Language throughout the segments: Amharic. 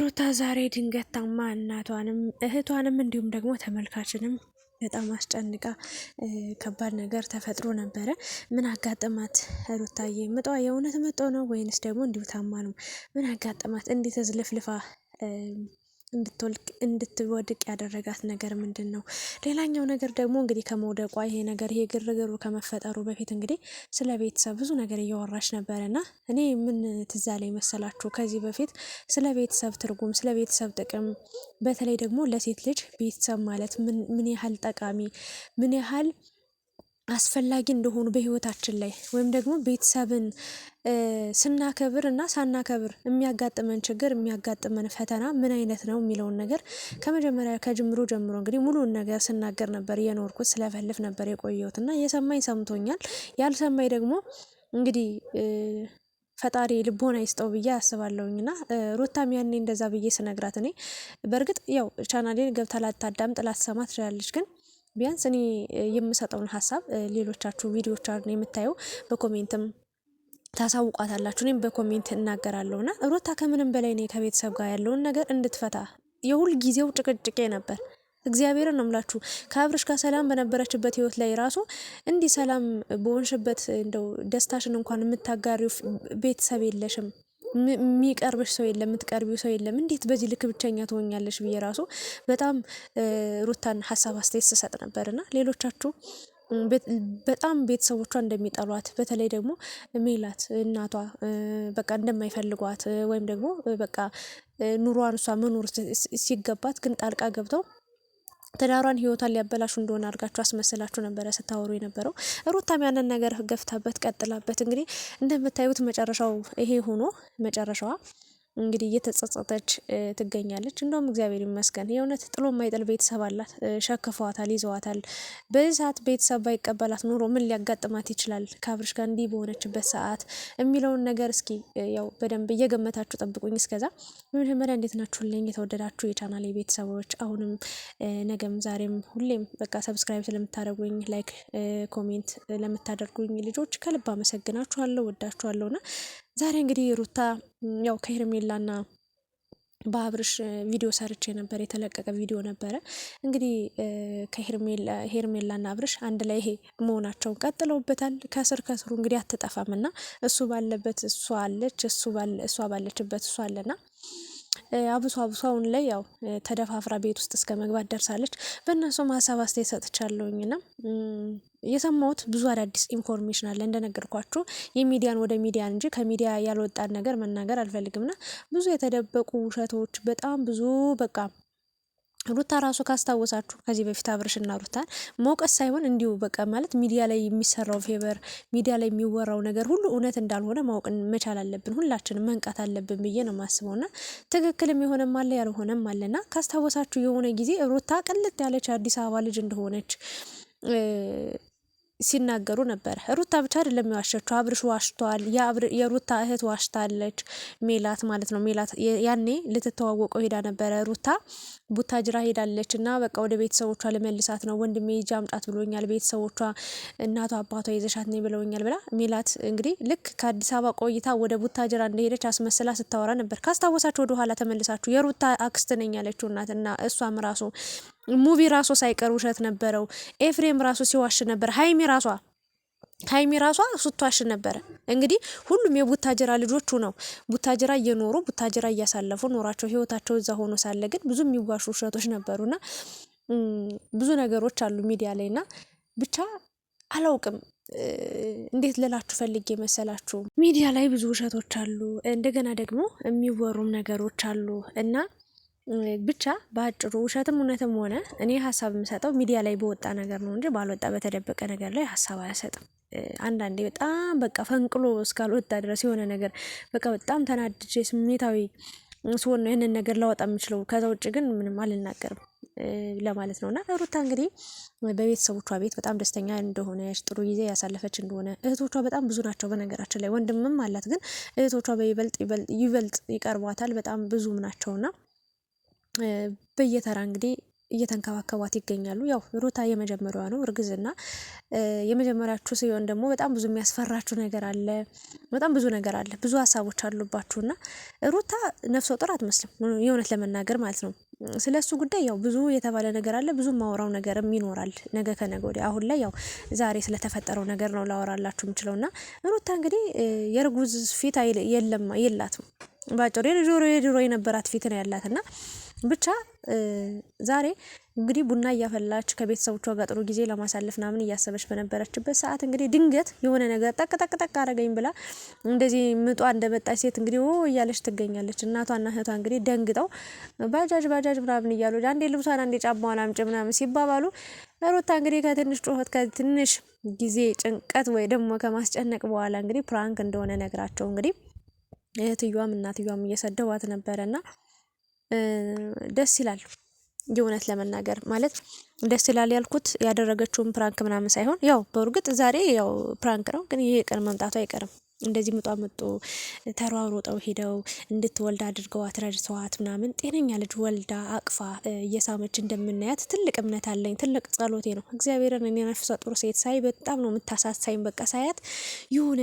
ሩታ ዛሬ ድንገት ታማ እናቷንም እህቷንም እንዲሁም ደግሞ ተመልካችንም በጣም አስጨንቃ ከባድ ነገር ተፈጥሮ ነበረ። ምን አጋጠማት ሩታዬ? ምጧ የእውነት መጦ ነው ወይንስ ደግሞ እንዲሁ ታማ ነው? ምን አጋጠማት? እንዴት ዝልፍልፋ እንድትወልቅ እንድትወድቅ ያደረጋት ነገር ምንድን ነው? ሌላኛው ነገር ደግሞ እንግዲህ ከመውደቋ ይሄ ነገር ይሄ ግርግሩ ከመፈጠሩ በፊት እንግዲህ ስለ ቤተሰብ ብዙ ነገር እያወራች ነበር እና እኔ ምን ትዝ አለኝ መሰላችሁ ከዚህ በፊት ስለ ቤተሰብ ትርጉም፣ ስለ ቤተሰብ ጥቅም በተለይ ደግሞ ለሴት ልጅ ቤተሰብ ማለት ምን ያህል ጠቃሚ ምን ያህል አስፈላጊ እንደሆኑ በህይወታችን ላይ ወይም ደግሞ ቤተሰብን ስናከብር እና ሳናከብር የሚያጋጥመን ችግር የሚያጋጥመን ፈተና ምን አይነት ነው የሚለውን ነገር ከመጀመሪያ ከጅምሮ ጀምሮ እንግዲህ ሙሉን ነገር ስናገር ነበር የኖርኩት፣ ስለፈልፍ ነበር የቆየሁት እና የሰማኝ ሰምቶኛል፣ ያልሰማኝ ደግሞ እንግዲህ ፈጣሪ ልቦና ይስጠው ብዬ አስባለሁኝ ና ሩታም ያኔ እንደዛ ብዬ ስነግራት እኔ በእርግጥ ያው ቻናሌን ገብታ ላታዳምጥ ላትሰማ ትችላለች ግን ቢያንስ እኔ የምሰጠውን ሀሳብ ሌሎቻችሁ ቪዲዮቻችሁን የምታየው በኮሜንትም ታሳውቋታላችሁ እኔም በኮሜንት እናገራለሁ። እና ሩታ ከምንም በላይ እኔ ከቤተሰብ ጋር ያለውን ነገር እንድትፈታ የሁል ጊዜው ጭቅጭቄ ነበር። እግዚአብሔርን ነው ምላችሁ ከአብርሽ ጋር ሰላም በነበረችበት ህይወት ላይ ራሱ እንዲህ ሰላም በሆንሽበት እንደው ደስታሽን እንኳን የምታጋሪው ቤተሰብ የለሽም የሚቀርብሽ ሰው የለም፣ የምትቀርቢው ሰው የለም። እንዴት በዚህ ልክ ብቸኛ ትሆኛለሽ? ብዬ ራሱ በጣም ሩታን ሀሳብ አስተያየት ስሰጥ ነበር እና ሌሎቻችሁ በጣም ቤተሰቦቿ እንደሚጠሏት በተለይ ደግሞ ሜላት እናቷ በቃ እንደማይፈልጓት ወይም ደግሞ በቃ ኑሯን እሷ መኖር ሲገባት ግን ጣልቃ ገብተው ትዳሯን ህይወቷን ሊያበላሹ እንደሆነ አድርጋችሁ አስመስላችሁ ነበረ ስታወሩ የነበረው። ሩታም ያንን ነገር ገፍታበት ቀጥላበት እንግዲህ እንደምታዩት መጨረሻው ይሄ ሆኖ መጨረሻዋ እንግዲህ እየተጸጸተች ትገኛለች። እንደውም እግዚአብሔር ይመስገን የእውነት ጥሎ የማይጥል ቤተሰብ አላት። ሸክፈዋታል፣ ይዘዋታል። በዚህ ሰዓት ቤተሰብ ባይቀበላት ኑሮ ምን ሊያጋጥማት ይችላል? ከአብርሽ ጋር እንዲህ በሆነችበት ሰዓት የሚለውን ነገር እስኪ ያው በደንብ እየገመታችሁ ጠብቁኝ። እስከዛ በመጀመሪያ እንዴት ናችሁልኝ የተወደዳችሁ የቻናል ቤተሰቦች አሁንም ነገም ዛሬም ሁሌም በቃ ሰብስክራይብ ስለምታደርጉኝ ላይክ፣ ኮሜንት ለምታደርጉኝ ልጆች ከልብ አመሰግናችኋለሁ፣ ወዳችኋለሁና ዛሬ እንግዲህ ሩታ ያው ከሄርሜላና በአብርሽ ቪዲዮ ሰርቼ ነበር። የተለቀቀ ቪዲዮ ነበረ እንግዲህ ከሄርሜላና አብርሽ አንድ ላይ ይሄ መሆናቸውን ቀጥለውበታል። ከስር ከስሩ እንግዲህ አትጠፋም እና እሱ ባለበት እሷ አለች፣ እሷ ባለችበት እሷ አለና አብሶ አብሶ አሁን ላይ ያው ተደፋፍራ ቤት ውስጥ እስከ መግባት ደርሳለች። በእነሱ ሀሳብ አስተያየት ና የሰማሁት ብዙ አዳዲስ ኢንፎርሜሽን አለ። እንደነገርኳችሁ የሚዲያን ወደ ሚዲያ እንጂ ከሚዲያ ያልወጣን ነገር መናገር አልፈልግምና ብዙ የተደበቁ ውሸቶች በጣም ብዙ በቃ ሩታ ራሱ ካስታወሳችሁ ከዚህ በፊት አብርሽና ሩታን መውቀስ ሳይሆን እንዲሁ በቃ ማለት ሚዲያ ላይ የሚሰራው ፌቨር ሚዲያ ላይ የሚወራው ነገር ሁሉ እውነት እንዳልሆነ ማወቅ መቻል አለብን፣ ሁላችንም መንቃት አለብን ብዬ ነው ማስበው። ና ትክክልም የሆነም አለ ያልሆነም አለ። ና ካስታወሳችሁ የሆነ ጊዜ ሩታ ቅልጥ ያለች አዲስ አበባ ልጅ እንደሆነች ሲናገሩ ነበር። ሩታ ብቻ አይደለም የዋሸችው፣ አብርሽ ዋሽቷል። የሩታ እህት ዋሽታለች፣ ሜላት ማለት ነው። ሜላት ያኔ ልትተዋወቀው ሄዳ ነበረ። ሩታ ቡታጅራ ሄዳለች እና በቃ ወደ ቤተሰቦቿ ለመልሳት ነው። ወንድሜ ሂጂ አምጫት ብሎኛል፣ ቤተሰቦቿ እናቷ አባቷ ይዘሻት ነይ ብለውኛል ብላ ሜላት እንግዲህ ልክ ከአዲስ አበባ ቆይታ ወደ ቡታጅራ እንደሄደች አስመስላ ስታወራ ነበር። ካስታወሳችሁ ወደ ኋላ ተመልሳችሁ የሩታ አክስት ነኝ ያለችው እናት እና እሷም ራሱ ሙቪ ራሱ ሳይቀር ውሸት ነበረው። ኤፍሬም ራሱ ሲዋሽ ነበር። ሀይሚ ራሷ ሀይሚ ራሷ ስትዋሽ ነበረ። እንግዲህ ሁሉም የቡታጀራ ልጆቹ ነው። ቡታጀራ እየኖሩ ቡታጀራ እያሳለፉ ኖራቸው ህይወታቸው እዛ ሆኖ ሳለ ግን ብዙ የሚዋሹ ውሸቶች ነበሩና ብዙ ነገሮች አሉ ሚዲያ ላይ እና ብቻ አላውቅም እንዴት ልላችሁ ፈልጌ መሰላችሁ፣ ሚዲያ ላይ ብዙ ውሸቶች አሉ። እንደገና ደግሞ የሚወሩም ነገሮች አሉ እና ብቻ በአጭሩ ውሸትም እውነትም ሆነ እኔ ሀሳብ የምሰጠው ሚዲያ ላይ በወጣ ነገር ነው እንጂ ባልወጣ በተደበቀ ነገር ላይ ሀሳብ አያሰጥም። አንዳንዴ በጣም በቃ ፈንቅሎ እስካልወጣ ድረስ የሆነ ነገር በቃ በጣም ተናድጄ ስሜታዊ ስሆን ነው ይህንን ነገር ላወጣ የምችለው። ከዛ ውጭ ግን ምንም አልናገርም ለማለት ነው። እና ሩታ እንግዲህ በቤተሰቦቿ ቤት በጣም ደስተኛ እንደሆነች ጥሩ ጊዜ ያሳለፈች እንደሆነ እህቶቿ በጣም ብዙ ናቸው። በነገራችን ላይ ወንድምም አላት፣ ግን እህቶቿ በይበልጥ ይበልጥ ይቀርቧታል። በጣም ብዙም ናቸውና በየተራ እንግዲህ እየተንከባከቧት ይገኛሉ። ያው ሩታ የመጀመሪያዋ ነው እርግዝና የመጀመሪያችሁ ሲሆን ደግሞ በጣም ብዙ የሚያስፈራችሁ ነገር አለ። በጣም ብዙ ነገር አለ። ብዙ ሀሳቦች አሉባችሁና ሩታ ነፍሰ ጡር አትመስልም፣ የእውነት ለመናገር ማለት ነው። ስለ እሱ ጉዳይ ያው ብዙ የተባለ ነገር አለ። ብዙ ማውራው ነገርም ይኖራል ነገ ከነገ ወዲያ። አሁን ላይ ያው ዛሬ ስለተፈጠረው ነገር ነው ላወራላችሁ የምችለው እና ሩታ እንግዲህ የእርጉዝ ፊት የለም የላትም። ባጭሩ የድሮ የድሮ የነበራት ፊት ነው ያላት እና ብቻ ዛሬ እንግዲህ ቡና እያፈላች ከቤተሰቦቿ ጋር ጥሩ ጊዜ ለማሳለፍ ምናምን እያሰበች በነበረችበት ሰዓት እንግዲህ ድንገት የሆነ ነገር ጠቅጠቅጠቅ አረገኝ ብላ እንደዚህ ምጧ እንደመጣች ሴት እንግዲህ እያለች ትገኛለች። እናቷና እህቷ እንግዲህ ደንግጠው ባጃጅ ባጃጅ ምናምን እያሉ አንዴ ልብሷን አንዴ ጫማዋን አምጪ ምናምን ሲባባሉ ሩታ እንግዲህ ከትንሽ ጩኸት ከትንሽ ጊዜ ጭንቀት ወይ ደግሞ ከማስጨነቅ በኋላ እንግዲህ ፕራንክ እንደሆነ ነግራቸው እንግዲህ እህትየዋም እናትየዋም እየሰደቧት ነበረና ደስ ይላል። የእውነት ለመናገር ማለት ደስ ይላል ያልኩት ያደረገችውን ፕራንክ ምናምን ሳይሆን ያው በእርግጥ ዛሬ ያው ፕራንክ ነው፣ ግን ይህ ቀን መምጣቱ አይቀርም። እንደዚህ ምጧ መጡ ተሯሩጠው ሄደው እንድትወልድ አድርገዋት ረድተዋት ምናምን ጤነኛ ልጅ ወልዳ አቅፋ እየሳመች እንደምናያት ትልቅ እምነት አለኝ። ትልቅ ጸሎቴ ነው። እግዚአብሔርን እኔ ነፍሰ ጡር ሴት ሳይ በጣም ነው የምታሳሳኝ። በቃ ሳያት የሆነ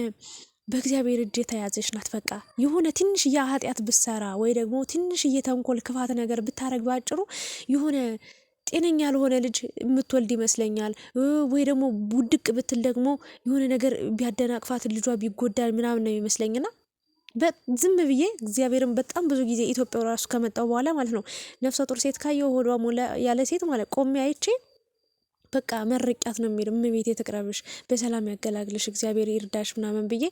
በእግዚአብሔር እጅ የተያዘች ናት። በቃ የሆነ ትንሽዬ ኃጢአት ብትሰራ ወይ ደግሞ ትንሽዬ ተንኮል፣ ክፋት ነገር ብታረግ ባጭሩ የሆነ ጤነኛ ያልሆነ ልጅ የምትወልድ ይመስለኛል። ወይ ደግሞ ውድቅ ብትል ደግሞ የሆነ ነገር ቢያደናቅፋት ልጇ ቢጎዳል ምናምን ነው ይመስለኝና ዝም ብዬ እግዚአብሔርን በጣም ብዙ ጊዜ ኢትዮጵያ ራሱ ከመጣው በኋላ ማለት ነው ነፍሰ ጡር ሴት ካየው ሆዷ ሞላ ያለ ሴት ማለት ቆሜ አይቼ በቃ መርቂያት ነው የሚሄድ እመቤቴ ትቅረብሽ፣ በሰላም ያገላግልሽ፣ እግዚአብሔር ይርዳሽ ምናምን ብዬ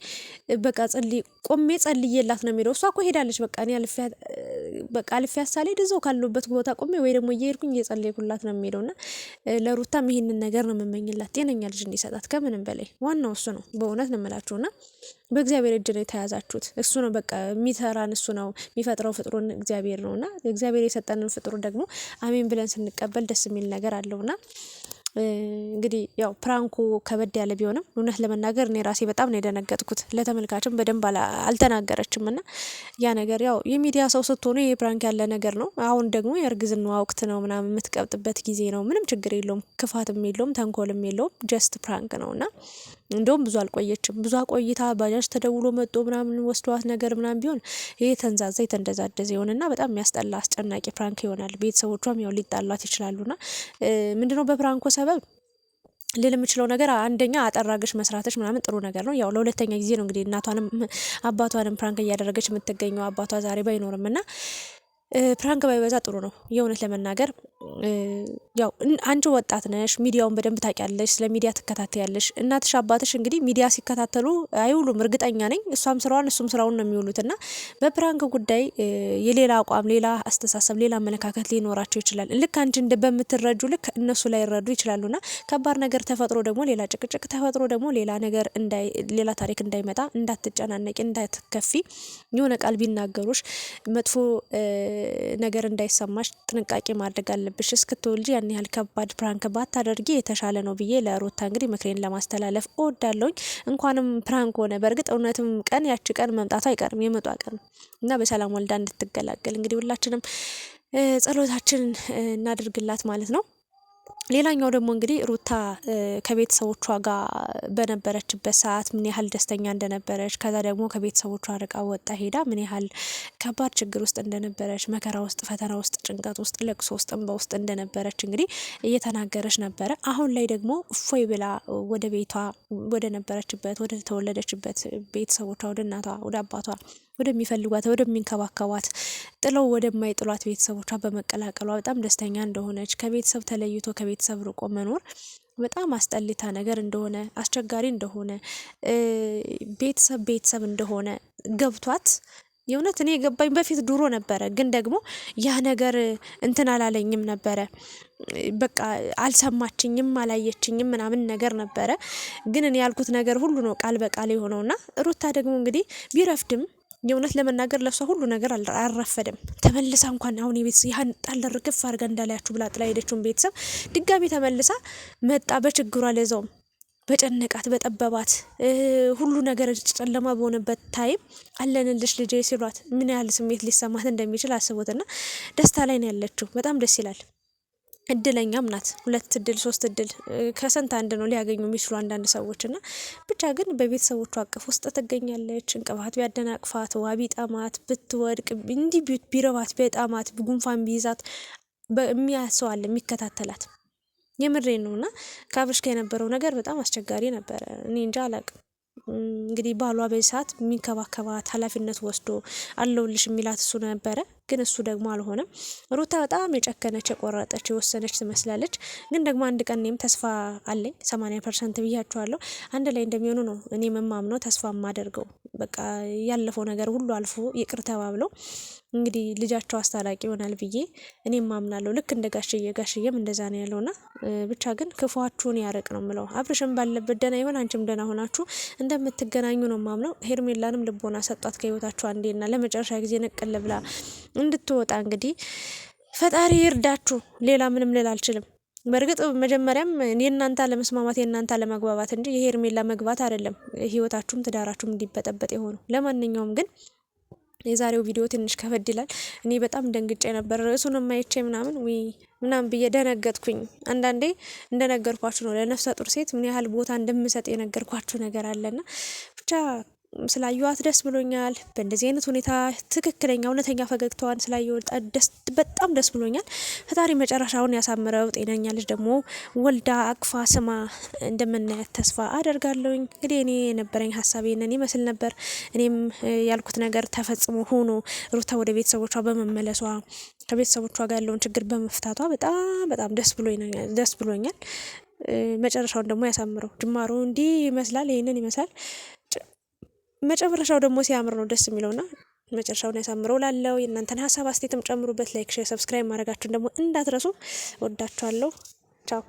በቃ ጸልይ ቆሜ ጸልዬላት ነው የሚለው። እሷ እኮ ሄዳለች። በቃ እኔ በቃ አልፌ ያሳሌ እዛው ካለሁበት ቦታ ቆሜ ወይ ደግሞ እየሄድኩኝ እየጸለይኩላት ነው የሚለው እና ለሩታም ይሄንን ነገር ነው የምመኝላት፣ ጤነኛ ልጅ እንዲሰጣት ከምንም በላይ ዋናው እሱ ነው። በእውነት ነው የምላችሁ እና በእግዚአብሔር እጅ ነው የተያዛችሁት። እሱ ነው በቃ የሚሰራን እሱ ነው የሚፈጥረው፣ ፍጥሩን እግዚአብሔር ነው እና እግዚአብሔር የሰጠንን ፍጥሩ ደግሞ አሜን ብለን ስንቀበል ደስ የሚል ነገር አለው አለውና እንግዲህ ያው ፕራንኩ ከበድ ያለ ቢሆንም እውነት ለመናገር እኔ ራሴ በጣም ነው የደነገጥኩት። ለተመልካችም በደንብ አልተናገረችም እና ያ ነገር ያው የሚዲያ ሰው ስትሆኑ ይሄ ፕራንክ ያለ ነገር ነው። አሁን ደግሞ የእርግዝናዋ ወቅት ነው ምናምን የምትቀብጥበት ጊዜ ነው። ምንም ችግር የለውም፣ ክፋትም የለውም፣ ተንኮልም የለውም። ጀስት ፕራንክ ነው እና እንደውም ብዙ አልቆየችም። ብዙ ቆይታ ባጃጅ ተደውሎ መጦ ምናምን ወስደዋት ነገር ምናምን ቢሆን ይሄ ተንዛዛ የተንደዛደዘ የሆነና በጣም የሚያስጠላ አስጨናቂ ፕራንክ ይሆናል። ቤተሰቦቿም ያው ሊጣሏት ይችላሉና ምንድነው በፕራንኮ ሰበብ ልል የምችለው ነገር አንደኛ አጠራገች መስራተች ምናምን ጥሩ ነገር ነው። ያው ለሁለተኛ ጊዜ ነው እንግዲህ እናቷንም አባቷንም ፕራንክ እያደረገች የምትገኘው አባቷ ዛሬ ባይኖርም እና ፕራንክ ባይበዛ ጥሩ ነው የእውነት ለመናገር ያው አንቺ ወጣት ነሽ፣ ሚዲያውን በደንብ ታውቂያለሽ፣ ስለ ሚዲያ ትከታተያለሽ። እናትሽ አባትሽ እንግዲህ ሚዲያ ሲከታተሉ አይውሉም፣ እርግጠኛ ነኝ። እሷም ስራዋን እሱም ስራውን ነው የሚውሉት እና በፕራንክ ጉዳይ የሌላ አቋም፣ ሌላ አስተሳሰብ፣ ሌላ አመለካከት ሊኖራቸው ይችላል። ልክ አንቺ እንደ በምትረጁ ልክ እነሱ ላይ ይረዱ ይችላሉና ከባድ ነገር ተፈጥሮ ደግሞ ሌላ ጭቅጭቅ ተፈጥሮ ደግሞ ሌላ ነገር እንዳይ ሌላ ታሪክ እንዳይመጣ እንዳትጨናነቂ፣ እንዳትከፊ የሆነ ቃል ቢናገሩሽ መጥፎ ነገር እንዳይሰማሽ ጥንቃቄ ማድረግ አለብሽ እስክትወልጂ ያን ያህል ከባድ ፕራንክ ባታደርጊ የተሻለ ነው ብዬ ለሩታ እንግዲህ ምክሬን ለማስተላለፍ እወዳለሁኝ። እንኳንም ፕራንክ ሆነ። በእርግጥ እውነትም ቀን ያቺ ቀን መምጣቱ አይቀርም የመጧ ቀን እና በሰላም ወልዳ እንድትገላገል እንግዲህ ሁላችንም ጸሎታችን እናደርግላት ማለት ነው። ሌላኛው ደግሞ እንግዲህ ሩታ ከቤተሰቦቿ ጋር በነበረችበት ሰዓት ምን ያህል ደስተኛ እንደነበረች፣ ከዛ ደግሞ ከቤተሰቦቿ ርቃ ወጣ ሄዳ ምን ያህል ከባድ ችግር ውስጥ እንደነበረች፣ መከራ ውስጥ፣ ፈተና ውስጥ፣ ጭንቀት ውስጥ፣ ለቅሶ ውስጥ፣ እንባ ውስጥ እንደነበረች እንግዲህ እየተናገረች ነበረ። አሁን ላይ ደግሞ እፎይ ብላ ወደ ቤቷ ወደ ነበረችበት ወደ ተወለደችበት ቤተሰቦቿ ወደ እናቷ ወደ አባቷ ወደሚፈልጓት ወደሚንከባከቧት ጥለው ወደማይጥሏት ቤተሰቦቿ በመቀላቀሏ በጣም ደስተኛ እንደሆነች ከቤተሰብ ተለይቶ ከቤተሰብ ርቆ መኖር በጣም አስጠሊታ ነገር እንደሆነ አስቸጋሪ እንደሆነ ቤተሰብ ቤተሰብ እንደሆነ ገብቷት የእውነት እኔ የገባኝ በፊት ድሮ ነበረ፣ ግን ደግሞ ያ ነገር እንትን አላለኝም ነበረ። በቃ አልሰማችኝም፣ አላየችኝም ምናምን ነገር ነበረ። ግን እኔ ያልኩት ነገር ሁሉ ነው ቃል በቃል የሆነውና ሩታ ደግሞ እንግዲህ ቢረፍድም የእውነት ለመናገር ለእሷ ሁሉ ነገር አልረፈደም። ተመልሳ እንኳን አሁን የቤት ያህን ጣል ርግፍ አድርጋ እንዳላያችሁ ብላ ጥላ ሄደችውን ቤተሰብ ድጋሚ ተመልሳ መጣ በችግሯ ለዛውም በጨነቃት በጠበባት ሁሉ ነገር ጨለማ በሆነበት ታይም አለንልሽ ልጄ ሲሏት ምን ያህል ስሜት ሊሰማት እንደሚችል አስቦትና ደስታ ላይ ነው ያለችው። በጣም ደስ ይላል። እድለኛም ናት። ሁለት እድል ሶስት እድል ከስንት አንድ ነው ሊያገኙ የሚችሉ አንዳንድ ሰዎች እና ብቻ ግን በቤተሰቦቿ አቅፍ ውስጥ ትገኛለች። እንቅፋት ቢያደናቅፋት፣ ዋ ቢጠማት፣ ብትወድቅ፣ እንዲህ ቢረባት፣ ቢጠማት፣ ጉንፋን ቢይዛት የሚያሰዋል የሚከታተላት የምሬ ነው እና ከአብርሽ ጋር የነበረው ነገር በጣም አስቸጋሪ ነበረ። እኔ እንጃ አላቅም። እንግዲህ ባሏ በዚህ ሰዓት የሚንከባከባት ኃላፊነት ወስዶ አለውልሽ የሚላት እሱ ነበረ። ግን እሱ ደግሞ አልሆነም። ሩታ በጣም የጨከነች የቆረጠች የወሰነች ትመስላለች። ግን ደግሞ አንድ ቀን እኔም ተስፋ አለኝ ሰማንያ ፐርሰንት ብያችኋለሁ አንድ ላይ እንደሚሆኑ ነው እኔ መማምነው ተስፋ የማደርገው በቃ ያለፈው ነገር ሁሉ አልፎ ይቅር ተባብለው እንግዲህ ልጃቸው አስታራቂ ይሆናል ብዬ እኔም ማምናለሁ። ልክ እንደ ጋሽዬ ጋሽዬም እንደዛ ነው ያለውና ብቻ ግን ክፏችሁን ያረቅ ነው ምለው። አብርሽም ባለበት ደና ይሆን አንቺም ደና ሆናችሁ እንደምትገናኙ ነው ማምነው። ሄርሜላንም ልቦና ሰጧት ከህይወታችሁ አንዴና ለመጨረሻ ጊዜ ነቀል ብላ እንድትወጣ እንግዲህ ፈጣሪ ይርዳችሁ። ሌላ ምንም ልል አልችልም። በእርግጥ መጀመሪያም የእናንተ አለመስማማት የእናንተ አለመግባባት እንጂ የሄርሜላ መግባት አይደለም ህይወታችሁም ትዳራችሁም እንዲበጠበጥ የሆኑ። ለማንኛውም ግን የዛሬው ቪዲዮ ትንሽ ከበድ ይላል። እኔ በጣም ደንግጬ ነበር ርዕሱን የማይቼ ምናምን ወይ ምናምን ብዬ ደነገጥኩኝ። አንዳንዴ እንደነገርኳችሁ ነው ለነፍሰ ጡር ሴት ምን ያህል ቦታ እንደምሰጥ የነገርኳችሁ ነገር አለና ብቻ ስላየዋት ደስ ብሎኛል። በእንደዚህ አይነት ሁኔታ ትክክለኛ እውነተኛ ፈገግታዋን ስላየወጣ በጣም ደስ ብሎኛል። ፈጣሪ መጨረሻውን ያሳምረው። ጤነኛ ልጅ ደግሞ ወልዳ አቅፋ ስማ እንደምናያት ተስፋ አደርጋለሁኝ። እንግዲህ እኔ የነበረኝ ሀሳብ ይህንን ይመስል ነበር። እኔም ያልኩት ነገር ተፈጽሞ ሆኖ ሩታ ወደ ቤተሰቦቿ በመመለሷ ከቤተሰቦቿ ጋር ያለውን ችግር በመፍታቷ በጣም በጣም ደስ ብሎኛል። መጨረሻውን ደግሞ ያሳምረው። ጅማሮ እንዲህ ይመስላል፣ ይህንን ይመስላል። መጨረሻው ደግሞ ሲያምር ነው ደስ የሚለውና መጨረሻውን ያሳምረው ላለው የእናንተን ሀሳብ አስቴትም ጨምሩበት። ላይክ፣ ሼር፣ ሰብስክራይብ ማድረጋችሁን ደግሞ እንዳትረሱ። ወዳችኋለሁ። ቻው